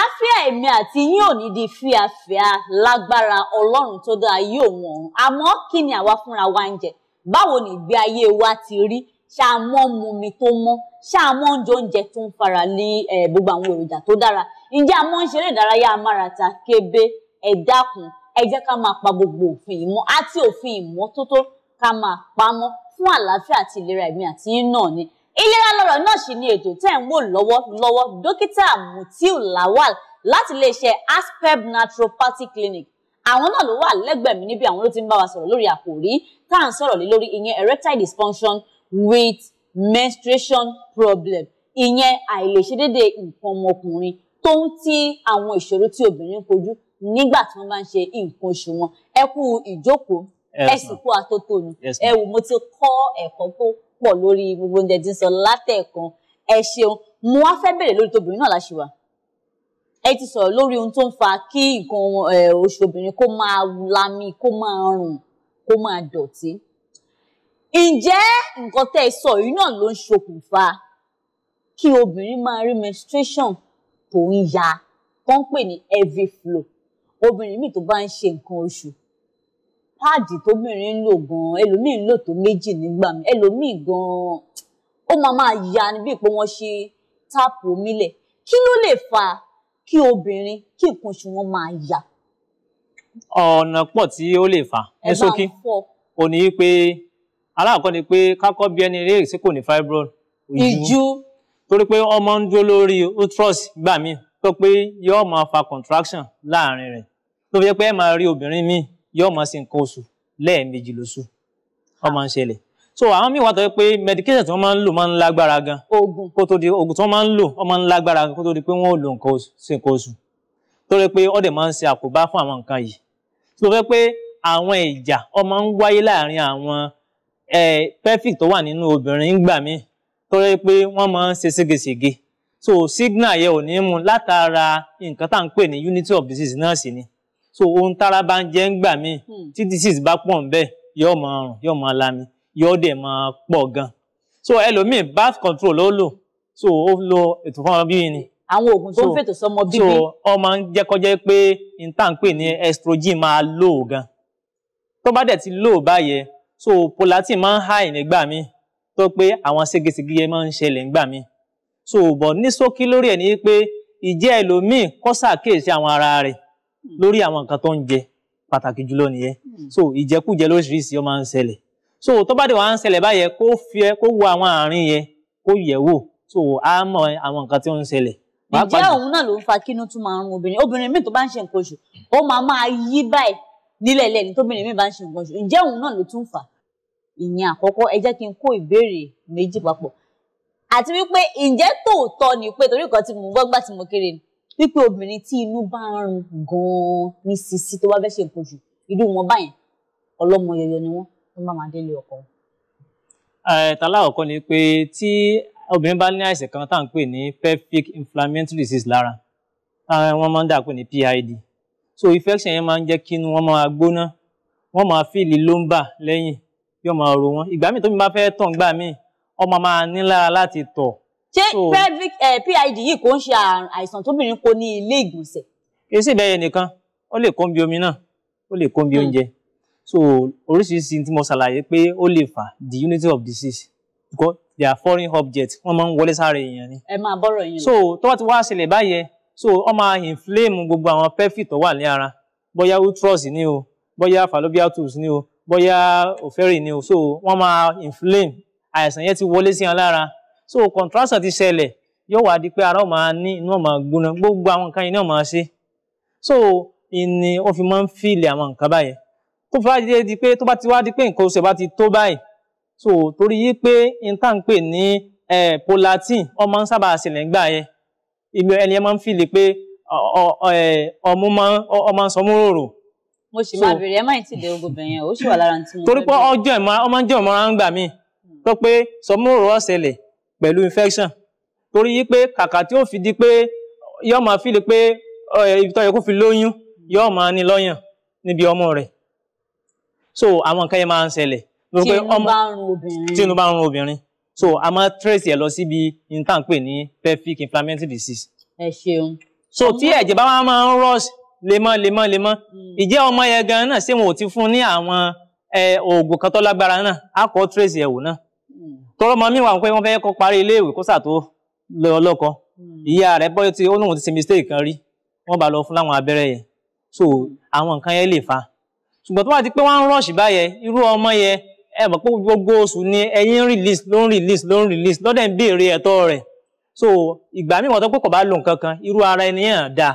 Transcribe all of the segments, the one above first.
àlàáfíà èmi àti yín ò ní di fíafíà lágbára ọlọ́run tó dá ayé òun ọ̀hún àmọ́ kí ni àwa fúnra wa ń jẹ báwo ni ìgbé ayé wa ti rí ṣàmọ́ mumi tó mọ́ ṣàmọ́ oúnjẹ oúnjẹ tó ń fara lé gbogbo àwọn èròjà tó dára ǹjẹ́ àmọ́ ń ṣeré ìdárayá amárata kébé ẹ dákun ẹ jẹ́ ká máa pa gbogbo òfin ìmọ̀ àti òfin ìmọ́tótó ká máa pamọ́ fún àlàáfíà àti ìlera ẹ̀mí àti yín náà ni ìlera lọ́rọ̀ náà sì ni ètò tẹ́ ń wò lọ́wọ́lọ́wọ́ dókítà Mutiu Lawal láti iléeṣẹ́ aspeb naturopathy clinic àwọn náà ló wà lẹ́gbẹ̀ẹ́ mi níbi àwọn ló ti ń bá wa sọ̀rọ̀ lórí àkòrí tá à ń sọ̀rọ̀ lé lórí ìyẹn erectile dysfunction with menstruation problem ìyẹn àìlèṣedéédé nǹkan ọmọkùnrin tó ń ti àwọn ìṣòro tí obìnrin kojú nígbà tí wọ́n bá ń ṣe nǹkan oṣù wọn ẹ kú ìjókòó ẹ sì kú atótónu ẹ wò mo ti kọ́ ẹ̀kọ́ tó pọ̀ lórí gbogbo oúnjẹ tí ń sọ látẹ̀kan ẹ ṣeun mo wá fẹ́ bèrè lórí tóbìnrin náà láṣìwà ẹ ti sọ̀rọ̀ lórí ohun tó ń fa kí nǹkan oṣù obìnrin kó máa lami kó máa rùn kó máa dọ̀tí ǹjẹ́ nǹkan tẹ́ ẹ sọ yìí náà ló ń ṣokùnfà kí obìnrin máa rí menstruation tó ń ya kán pè ní heavy flow obìnrin míì tó bá ń ṣe nǹkan oṣù páàdì tóbìnrin ń lò gan ẹlòmíì ń lò tó méjì nígbà mi ẹlòmíì gan ó máa máa ya níbi pé wọ́n ṣe táàpù omi lẹ̀ kí ló lè fa kí obìnrin kí nǹkan oṣù wọn máa yà. ọ̀nà pọ̀ tí ó lè fà ní ṣókí ò ní pé aláàkọ́ ni pé kákọ́ bí ẹni eré ìsìnkú ní fibroid ìjú torí pé ọmọ ń dúró lórí uterus gbà míì tó pé yóò máa fa contraction láàrin rẹ̀ tó fi jẹ́ pé ẹ máa rí obìnrin míì yóò máa ṣe nǹkan oṣù lẹ́ẹ̀mejì lóṣù wọ́n máa ń ṣẹlẹ̀ so àwọn míì wà tó yẹ pé medication tí wọ́n máa ń lò máa ń lágbára gan oògùn kó tó di oògùn tí wọ́n máa ń lò wọ́n máa ń lágbára gan kó tó di pé wọ́n ò lo nǹkan oṣù ṣe nǹkan oṣù tó rẹ pé ọdẹ máa ń ṣe àkóbá fún àwọn nǹkan yìí tó fẹ́ pé àwọn ìjà ọ máa ń wáyé láàárín àwọn pelvic tó wà nínú obìnrin ńgbà míì tó rẹ pé wọ́n máa ń ṣe ségesège so signal yẹ ò ní mú látara nǹkan tá à ń pè ní unity of disease náà sì ni so ohun tára bá ń jẹ ń gbà míì hmm. tí disease bá pọ̀ nbẹ̀ yóò máa rùn yóò máa lami yóò dẹ̀ máa pọ̀ gan so ẹlòmíì birth control ló lò so ó lo ètò fún ọmọ bíbí ni. àwọn oògùn tó ń fètò sọmọ bíbí. so ọmọ ń jẹ́kọ́jẹ́ pé n tá n pè ní estrogen máa lò gan tó bá dẹ̀ ti lò báyẹn so prolactin máa ń high nígbà míì tó pé àwọn ségesège yẹn máa ń ṣẹlẹ̀ nígbà míì so bọ̀ ní ṣókí lórí ẹ̀ ní pé ìjẹ́ ẹlòmíì kọ́sà kéèsì àwọn ara rẹ̀ Hmm. lórí àwọn nǹkan tó ń jẹ pàtàkì jùlọ nìyẹn hmm. so ìjẹkújẹ lóríṣiríṣi ó máa ń ṣẹlẹ̀ so tó bá dé wàá ń ṣẹlẹ̀ báyẹn kó fi kó wo àwọn àárín yẹn kó yẹ̀ wò so á mọ àwọn nǹkan tí ó ń ṣẹlẹ̀. ǹjẹ́ òun náà ló ń fa kínú tún máa ń rún obìnrin obìnrin míì tó bá ń ṣe nǹkan oṣù ó máa máa yí báyìí nílẹ̀ lẹ́ni tóbìnrin míì bá ń ṣe nǹkan oṣù ǹjẹ́ òun náà ló tún fà ìyẹn àkọ́kọ́ ẹ jẹ́ kí n kó ìbéèrè méjì papọ̀ àti wípé ǹjẹ́ tòótọ́ ni pé torí nǹkan tí mo gbọ́ gbà tí kéré ni wípé obìnrin tí inú bá ń rùn gan-an ní sisi tó bá fẹ́ ṣe nǹkan jù irú wọn báyìí ọlọ́mọ yọyọ ni wọ́n tó má máa délé ọkọ wọn. tàlákọ̀ọ́kọ́ ni pé tí obìnrin bá ní àìsàn kan tá à ń pè ní pelvic inflammatory disease lára wọ́n máa ń dà pé ní PID so infection yẹn máa ń jẹ́ kí inú wọn máa gbóná wọ́n máa fíìlì lóńbà lẹ́yìn yóò máa ro wọn ìgbà míì tómi bá fẹ́ tàn gbà míì ọmọ máa nílára láti tọ̀ ṣé pid eh, yìí kò ń ṣe àìsàn tóbìnrin kó ní ilé ìgbọ̀nsẹ̀. èsì ìdáyẹ nìkan ó lè kó ń bi omi náà ó lè kó ń bi hmm. oúnjẹ so oríṣiríṣi tí mo ṣàlàyé pé ó lè fà the unity of disease because they are foreign objects wọ́n máa ń wọlé sára èèyàn ni. ẹ máa bọ́rọ̀ yín lọ. so tó bá ti wá ṣẹlẹ̀ báyẹn so wọ́n máa inflame gbogbo àwọn pelvic tó wà ní ara bóyá uterus ni o bóyá fallopian tubes ni o bóyá ovary ni o so wọ́n máa inflame àìsàn yẹn ti wọlé sí wọn lára so contraction ti ṣẹlẹ̀ yóò wá di pé ara ó máa ní inú ó máa gbóná gbogbo àwọn nǹkan yìí ni ó máa ṣe so ìní ó fi máa ń fìlì àwọn nǹkan báyẹn tó fi wá di pé tó bá ti wá di pé nǹkan oṣù bá ti tó báyìí so torí yí pé n tá à ń pè ní prolactin ọmọ ń sábà ṣẹlẹ̀ ńgbà yẹn ìlú ẹni ẹ máa ń fìlì pé ọmú máa ọmọ ń sọmú rorò. mo sì máa bèrè ẹ máa ti dé obìnrin yẹn ó sì wà lára tí mo torí pé ọjọ́ ìmọ̀ ọmọ ń gbà mí hmm. tó pé sọmú rorò ó pẹ̀lú infection torí yí pé kàkà tí ó fi di pé yóò máa fi lè pé ibi tó yẹ kó fi lóyún yóò máa ní lọ́yàn níbi ọmọ rẹ̀ so àwọn nǹkan yẹn máa ń ṣẹlẹ̀ tí inú bá ń run obìnrin so a máa trace ẹ̀ lọ síbi intan pè ní pelvic inflammatory disease. ẹ ṣeun. so tí ẹ̀jẹ̀ bá máa ń rush lemọ́ lemọ́ lemọ́ ìjẹ́ hmm. ọmọ yẹn gan náà ṣé wọn ò ti fún ní àwọn oògùn kan tó lágbára náà a kò trace ẹ̀ náà tọrọ mọ mi wà pé wọ́n fẹ́ kó parí iléèwé kó sàtó lọ lọ́kọ hmm. ìyá rẹ̀ bọ́yọ̀ tí ó lóun ti ṣe mistake kan rí wọ́n bá lọ fún láwọn abẹ́rẹ́ yẹn so àwọn nǹkan yẹn lè fa ṣùgbọ́n tó wà ti pé wọ́n ń rọ̀ṣì báyẹn irú ọmọ yẹn ẹ mọ̀ pé gbogbo oṣù ni ẹyin release ló ń release ló ń release lọ́dẹ̀ ń béèrè ẹ̀tọ́ rẹ̀ so ìgbà míì wọ́n tó pé kò bá lo nǹkan kan irú ara ẹni yẹn dáa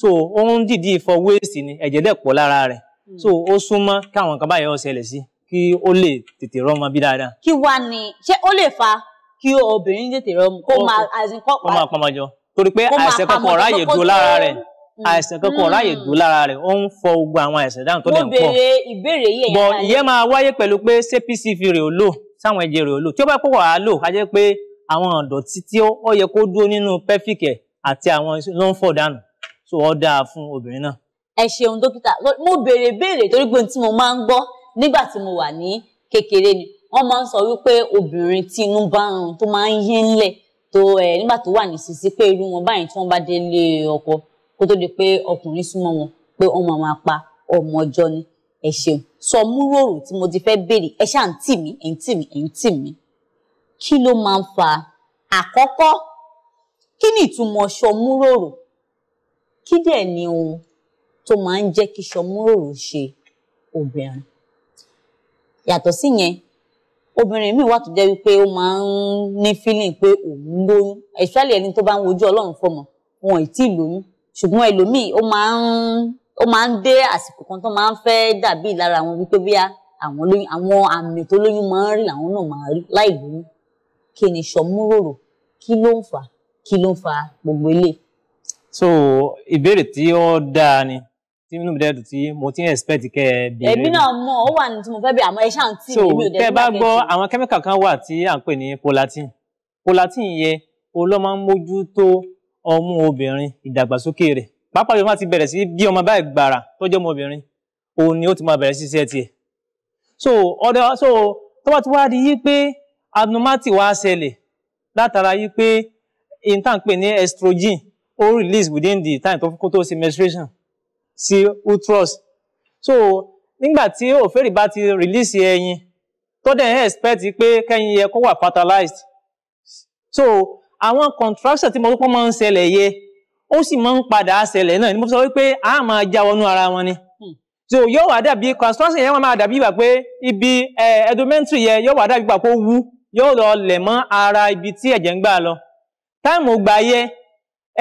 so ó ń dìdí ìfọwọ́èsì ni ẹ̀jẹ̀ dẹ̀ pọ̀ lára rẹ̀ hmm. so ó súnmọ́ káwọn nǹkan báyẹn ó ṣẹlẹ̀ sí i kí ó lè tètè rọ́mọ bí dáadáa. kí wá ni ṣé ó lè fa kí obìnrin tètè rọ́mọ kó máa àìsàn kọ́ pa. kó máa pamọ́ jọ torí pé àìsàn kankan ráàyè dúró lára rẹ̀ hmm. àìsàn kankan ráàyè dúró hmm. lára rẹ̀ ó ń fọ ogun àwọn àìsàn dáhùn tó dẹ̀ ń pọ̀. mo béèrè ìbéèrè yìí ẹ̀yà rẹ̀. bọ̀ ìyẹn máa wáyé pẹ̀lú pé ṣé PCV rẹ̀ ò lò sáwọn ẹ̀jẹ̀ rẹ̀ ò lò tí ó bá pọ̀ wàá lò á jẹ́ pé àwọn ọ̀dọ̀tí tí ó yẹ kó dúró nínú pelvic àti àwọn ló ń fọ̀ dànù tó ọ dáa fún obìnrin náà. ẹ ṣeun dókítà mo béèrè béèrè torí pé tí mo máa ń gbọ́ nígbà tí mo wà ní kékeré ni wọ́n máa ń sọ wípé obìnrin tí inú bá ń rùn tó máa ń yé ńlẹ̀ tó ẹ nígbà tó wà ní sísí pé irú wọn báyìí tí wọ́n bá délé ọkọ kó tó di pé ọkùnrin súnmọ́ wọn pé ọmọ àwọn apá ọmọ ọjọ́ ni ẹ ṣeun sọ múròrò tí mo ti fẹ́ béèrè ẹ ṣáà ń tì mí ẹ ń tì mí ẹ ń tì mí kí ló máa ń fa àkọ́kọ́ kí ni ìtumọ̀ ṣọmúròrò kí dẹ̀ ni ohun tó máa ń jẹ́ kí ṣọmúròrò ṣe obìnrin yàtọ̀ sí yẹn obìnrin míì wà tó jẹ́ wípé ó máa ń ní feeling pé òun lóyún especially ẹni tó bá ń wojú ọlọ́run fọmọ wọn ì tí ì lóyún ṣùgbọ́n ẹlòmíì ó máa ń ó máa ń dé àsìkò kan tó máa ń fẹ́ dàbí lára àwọn wípé bíyà àwọn lóyún àwọn àmì tó lóyún máa ń rí làwọn náà máa rí láì lóyún kí ni sọmúròrò kí ló ń fà kí ló ń fa gbogbo ilé. so ìbéèrè tí ó dáa ni tí inú mi dẹ́dùn tí mo ti ń expect kẹ́ ẹ bèrè. èmi náà mọ ó wà ní tí mo fẹ́ bí àmọ́ ẹ ṣáà mi ò dẹ́gbẹ́ kẹ́ ẹ bá gbọ́ àwọn kẹ́míkà kan wà tí à ń pè ní polatin polatin yẹ olọ́ máa ń mójútó ọmú obìnrin ìdàgbàsókè rẹ̀ pàápàá yóò máa ti bẹ̀rẹ̀ sí bí ọmọ báyìí gbàrà tọ́jọ́ ọmọbìnrin òun ni ó ti máa bẹ̀rẹ̀ sí iṣẹ́ tiẹ̀ so ọ̀dọ̀ so tó bá ti wá di yí pé abnormality wá ṣẹlẹ̀ látara yí pé intan pè ní estrogen ó release within the time tó kó tó ṣe menstruation sí uterus so nígbà tí òfèrè bá ti release ẹyin tó dẹ̀ ń expect pé kẹ́yin yẹ kó wà fertilized so àwọn contraction tí mo rúpọ́ máa ń ṣẹlẹ̀ yẹ ó sì máa ń padà ṣẹlẹ̀ náà ni mo sọ wípé a máa já wọnú ara wọn ni hmm. so yóò wá dàbí construction yẹn wọn máa dàbí ìgbà pé ibi ẹdọmẹntìrì yẹn yóò wá dàbí ìgbà pé ó wú yóò lọ lẹ̀ mọ́ ara ibi tí ẹ̀jẹ̀ ń gbà lọ táìmù gbà yẹ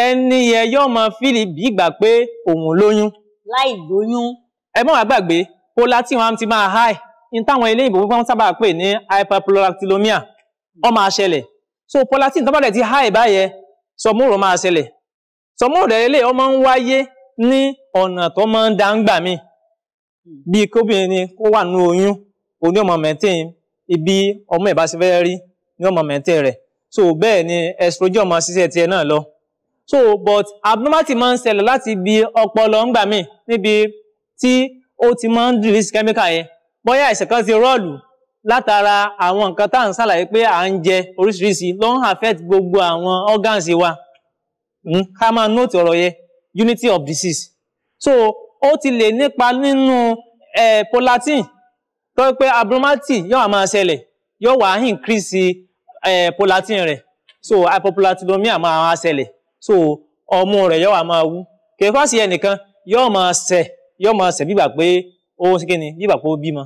ẹni yẹn yóò máa fílì bí ìgbà pé òun lóyún láì lóyún. ẹ mọ̀ wá gbàgbé prolactin wa ti máa high ní táwọn ilé ìbò pípọ́n sábà pè ní hyperprolactinomia ó máa ṣẹlẹ̀ so prolactin tó bá dẹ̀ ti high báyẹ sọmúrò máa ṣẹlẹ̀ sọmúrò rẹ̀ lè ọmọ ń wáyé ní ọ̀nà tó máa ń da ń gbà mí bíi kóbìnrin ni kó wà nínú oyún òní ọmọ mẹ́tìn ibi ọmọ ìbáṣepẹ́ rí ní ọmọ mẹ́tìn rẹ̀ so bẹ́ẹ̀ ni estrogen ọmọ ṣiṣẹ́ tiẹ̀ náà lọ so but abnormality máa ń ṣẹlẹ̀ láti ibi ọpọlọ ńgbà míì níbi tí ó ti máa ń release chemical yẹn bóyá àìsàn kan ti rọ́ọ̀lù látara àwọn nǹkan tá à ń ṣàlàyé pé à ń jẹ oríṣiríṣi ló ń affect gbogbo àwọn organs wa hmm, ká máa note, ọ̀rọ̀ yẹn unity of disease so ó ti lè nípa nínú prolactin tó yẹ pé abnormality yóò máa ṣẹlẹ̀ yóò wá increase prolactin rẹ̀ so hypopolactinomia máa ṣẹlẹ̀ so ọmú rẹ̀ yọ wà máa wú kì í fà sí ẹnìkan yọ máa sẹ̀ yọ máa sẹ̀ bíbà pé ó ń sikini bíbà pé ó bímọ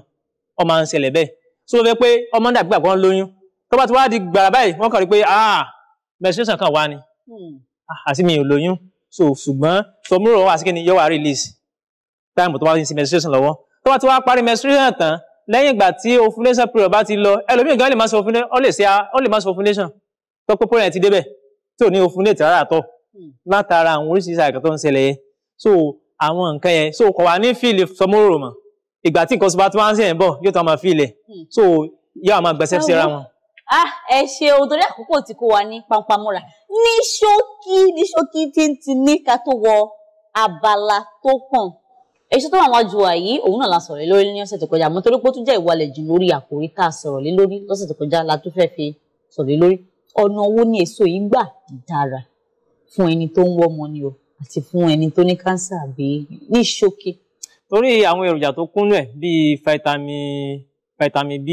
ọ máa ń ṣẹlẹ̀ bẹ́ẹ̀ so wọ́n fẹ́ pé ọmọ ń dàgbà kan lóyún tó bá ti wá di gbàrà báyìí wọ́n kàn rí pé ah menstruation kan wà ni hmm. ah, àti mi ò lóyún so ṣùgbọ́n tòmúrò wà sikini yọ wà release táìmù tó bá ti ń ṣe menstruation lọ́wọ́ tó bá ti wá parí menstruation tán lẹ́yìn ìgbà tí ovulation period bá ti lọ ẹlòmíì gan lè má ṣe ovulation ó lè má ṣe ovulation tó pé ti débẹ̀ tí ò ní òfin lè tẹ̀rọ àtọ̀ látara àwọn oríṣiríṣi àìkàn tó ń ṣẹlẹ̀ yẹn so àwọn nǹkan yẹn so kò wá ní fíìlì sọmúrò mọ̀ ìgbà tí nǹkan sọba tí wọ́n ń sẹ̀yìn bọ̀ yóò tó máa fíìlì hmm. so yóò máa gbẹ̀sẹ̀ síra wọn. ah ẹ ṣe òdòdó àkókò tí kò wá ní pampamọ́ra ní ṣókí ní ṣókí tí ń ti ní ká tó wọ abala tó kàn èso tó wà wájú wa yìí òun náà la sọ̀rọ̀ lórí ní ọ̀sẹ̀ tó kọjá àmọ́ torí pé ó tún jẹ́ ìwalẹ̀ jù lórí àkòrí tá a sọ̀rọ̀ lé lórí lọ́sẹ̀ tó kọjá la tún fẹ́ fi sọ̀rọ̀ lé lórí ọ̀nà wo ni èso yìí gbà dára fún ẹni tó ń wọ́mọ ni o àti fún ẹni tó ní kánsà àbí ní ṣókí. torí àwọn èròjà tó kúnnú ẹ̀ bíi vitamin vitamin B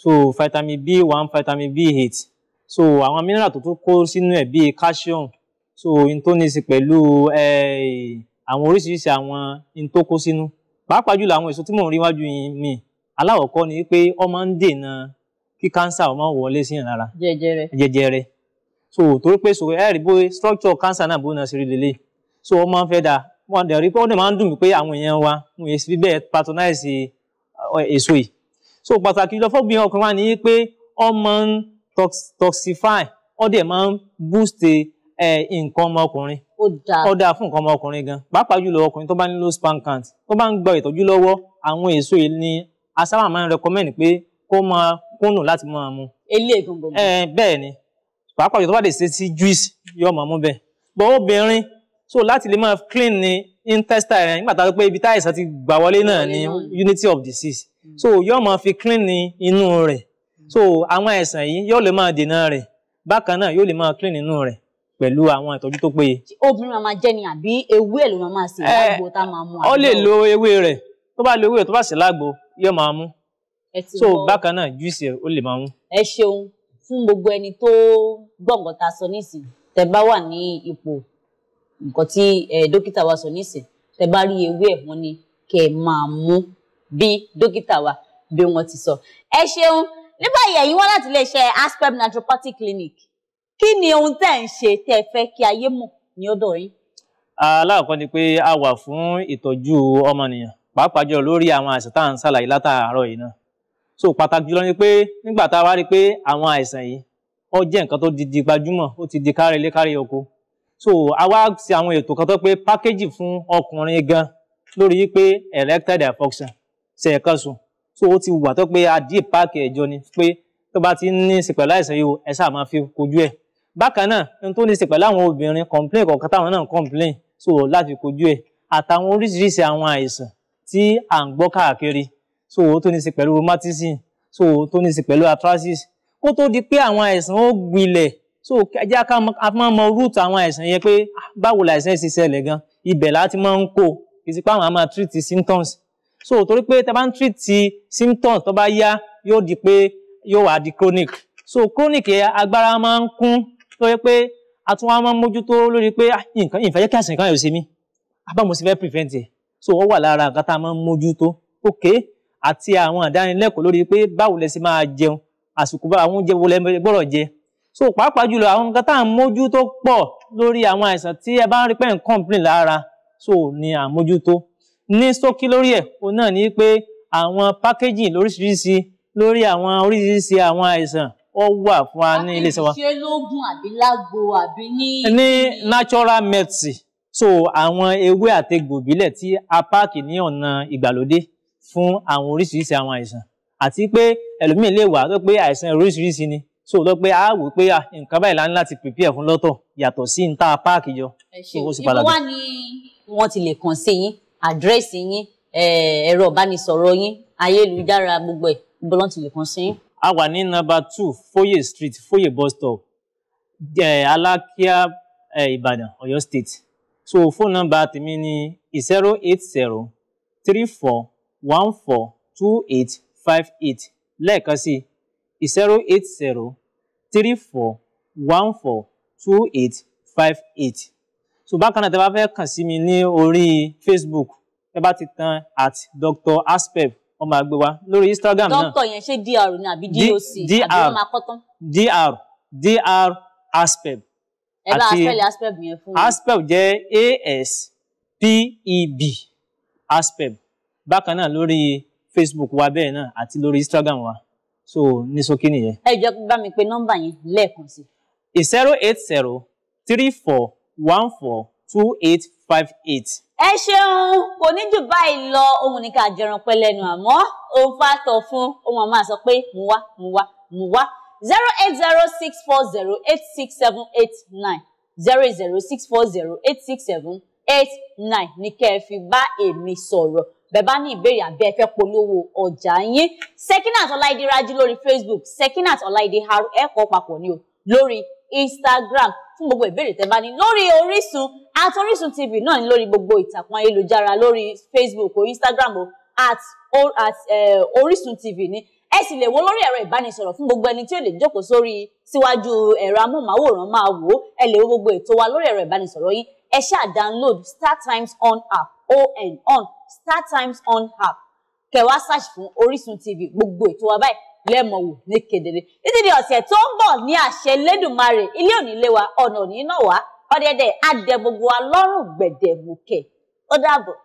so vitamin B one vitamin B eight so àwọn mineral tó tún kó sínú ẹ̀ bíi calcium so n tó ní í ṣe pẹ̀lú àwọn oríṣiríṣi àwọn n tó kó sínú pàápàá jùlọ àwọn èso tí mò ń rí wájú mi aláwọ̀kọ́ ni pé ó máa ń dènà kí kánsà ó wọlé sí yàn jẹjẹrẹ. jẹjẹrẹ so torí pé sòwò ẹ rí bóyá structure kánsà náà bóyá ṣe rí lélẹ̀ so ó máa ń fẹ́ da wọn dẹ̀ rí pé wọ́n dẹ̀ máa ń dùn mí pé àwọn èèyàn wa wọn èsì bẹ́ẹ̀ patronize èso yìí so pàtàkì jùlọ fọ́gbìn ọkùnrin wa ni pé wọ́n máa ń toxify wọ́n dẹ̀ máa ń boost nǹkan ọmọkùnrin ó dáa fún nǹkan ọmọkùnrin gan pàápàá jùlọ ọkùnrin tó bá ní low sperm count tó bá ń gba ìtọ́jú lọ́wọ́ àwọn èso yìí ni a sábà máa ń recommend pé kó máa kúnnù láti máa mu. elé egungun. ẹ bẹ́ẹ̀ ni pàápàá yóò tó bá lè ṣe sí juice yóò máa mú bẹ́ẹ̀ bọ́ obìnrin so láti lè máa clean ni intestine rẹ nígbà tá a rò pé ibi tá àìsàn ti gbà wọlé náà ni unity of disease hmm. so yóò máa fi clean ni inú rẹ̀ hmm. so àwọn àìsàn yìí yóò lè máa dènà rẹ̀ bákan náà yóò lè máa clean inú rẹ̀ pẹ̀lú àwọn ìtọ́jú tó péye. obìnrin máa máa jẹ ni àbí ewé ẹ̀ ló máa máa ṣe lágbo tá a máa mú. ó lè lo ewé rẹ̀ tó bá lo ewé rẹ̀ tó bá ṣe lágbo yóò máa mú so bákan náà júìsì ẹ ó lè máa mú. ẹ ṣeun fún gbogbo ẹni tó gbọ̀ngàn ta sọ nísìn tẹ bá wà ní ipò nǹkan tí dókítà wa sọ nísìn tẹ bá rí ewé ẹ̀ wọ́n ní kẹ́ máa mú bí dókítà wa bí wọ́n ti sọ. ẹ ṣeun ní báyìí ẹ̀yin wá láti iléeṣẹ́ aspem naturopathic clinic kí ni ohun tẹ́ ń ṣe tẹ́ fẹ́ kí ayé mọ̀ ní ọ̀dọ̀ yín. aláàkọ́ ni pé a wà fún ìtọ́jú ọmọnìyàn pàápàá jọ lórí àwọn àṣà tá à ń ṣàlàyé látàárọ̀ yìí náà so pàtàkì jùlọ ni pé nígbà tá a wá rí i pé àwọn àìsàn yìí ó jẹ́ nǹkan tó ti di gbajúmọ̀ ó ti di kárí ilé kárí oko so a wá ṣe àwọn ètò kan tó pé pákéjì fún ọkùnrin gan lórí pé erectile dysfunction ṣe ẹ̀kan sùn so ó ti wà tó pé a dì páàkì ẹ̀jọ ni pé tó bá ti ní í ṣe pẹ̀lú àìsàn yìí o ẹ sáà máa fi kojú ẹ̀ bákan náà ohun tó ní í ṣe pẹ̀lú àwọn obìnrin complain kọ̀ọ̀kan táwọn náà complain so láti kojú ẹ̀ àtàwọn oríṣiríṣi àwọn àìsàn tí à ń gbọ́ káàkiri so owó tó ní ṣe pẹ̀lú rheumatism so owó tó ní ṣe pẹ̀lú arthritis kó tó di pé àwọn àìsàn ó gbilẹ̀ so ẹjẹ́ ká máa mọ root àwọn àìsàn yẹn pé ah, báwo làìsàn ṣe ṣẹlẹ̀ gan ibẹ̀ láti máa ń kó kìsì pé àwọn máa treat symptoms so torí pé tá a bá ń treat symptoms tó bá yá yóò di pé yóò wá di chronic so chronic yẹn agbára máa ń kún tó yẹ pé a tún wá máa ń mójútó lórí pé ah, nǹkan ìfẹ́ yẹ kí àìsàn kan yóò ṣe mí àbámu ah, sì fẹ́ prevent ẹ̀ so ó wà lára nǹkan tá a máa ń mójútó okay àti àwọn àdánilẹ́kọ̀ọ́ lórí pé báwo lẹ ṣe máa jẹun àsìkò àwọn oúnjẹ wo lẹ gbọ́dọ̀ jẹ so pàápàá jùlọ àwọn nǹkan tá à ń mójú tó pọ̀ lórí àwọn àìsàn tí ẹ bá ń rí pé ń complain lára so ni à ń mójútó ní ṣókí lórí ẹ̀ òun náà ni pé àwọn packaging lóríṣiríṣi lórí àwọn oríṣiríṣi àwọn àìsàn ó wà fún wa ní ilé iṣẹ́ wa. ṣé lóògùn àbí lágbo àbí ní. ní natural medicine so àwọn ewé àtegbò ìbílẹ̀ tí a páàkì ní ọ̀nà ìgbàlódé fún àwọn oríṣiríṣi àwọn àìsàn àti pé ẹlòmíín lè wà tó pé àìsàn oríṣiríṣi ni so lọ pé a wò pé ah, nǹkan báyìí la ní láti prepare fún lọ́tọ̀ yàtọ̀ sí n tá a páàkì jọ. ẹ ṣe ìbú wa ni wọn ti lè kàn sí yín àdírẹ́sì yín ẹ̀rọ ìbánisọ̀rọ̀ yín ayélujára gbogbo ẹ̀ gbogbo lọ́n ti lè kàn sí yín. a wà ní number two Foye Street Foye bus stop Alákíá Ìbàdàn Ọ̀yọ́ state so fóònù nọ́mbà tèmi ni zero eight zero three four one four two eight five eight lẹ́ẹ̀kan sí i zero eight zero three four one four two eight five eight so bákan náà tẹ bá fẹ́ kàn sí mi ní orí Facebook tẹ bá ti tan at Dr. Aspeb wọ́n máa gbé wa lórí Instagram náà dr yẹn ṣe dr ni àbí doc àbí wọ́n máa kọ́ tán dr dr Aspeb ẹ bá aspel aspeb yẹn fún mi aspeb jẹ́ a s p e b Aspeb bákan náà lórí Facebook wa bẹ́ẹ̀ náà àti lórí Instagram wa so ní ṣókí nìyẹn. ẹ jọ bá mi pe nọ́mbà yẹn lẹ́ẹ̀kan sí. zero eight zero three four one four two eight five eight. ẹ ṣeun kò ní jù báyìí lọ ohun ní ká jẹran pẹ́ lẹ́nu àmọ́ òun fàtọ fún ohun àmọ́ àsọ pé mú wá mú wá mú wá zero eight zero six four zero eight six seven eight nine zero eight zero six four zero eight six seven eight nine ní kẹ́ ẹ fi bá èmi sọ̀rọ̀ bẹ́ẹ̀ bá ní ìbéèrè àbí ẹ fẹ́ polówó ọjà yín Sekinat Ọláìdé Rájí lórí Facebook Sekinat Ọláìdé ẹ̀kọ́ papọ̀ ni o lórí Instagram fún gbogbo ìbéèrè tẹ́ bá ní lórí Orísun at Orísun TV náà ní lórí gbogbo ìtàkùn ayélujára lórí Facebook o Instagram o at, or, at Orísun TV ní ẹ sì lè wo lórí ẹ̀rọ ìbánisọ̀rọ̀ fún gbogbo ẹni tí ó lè jókòó sórí síwájú ẹ̀rọ amóhùnmáwòrán máa wò ó ẹ lè wo gbogbo ètò wa lórí ẹ̀rọ ìbánisọ̀rọ̀ yín ẹ ṣáà download StarTimes on app on on star times on app kẹwàá search fún Orísun TV gbogbo ètò wa báyìí lẹ́mọ̀ wò ní kedere títí di ọ̀sẹ̀ tó ń bọ̀ ní àṣẹ lẹ́dùnmarè ilé òní lé wa ọ̀nà òní náà wá ọ̀dẹ̀dẹ̀ adẹ gbogbo wa lọ́rùn gbẹ̀dẹ̀mùkẹ̀ ó dàbọ̀.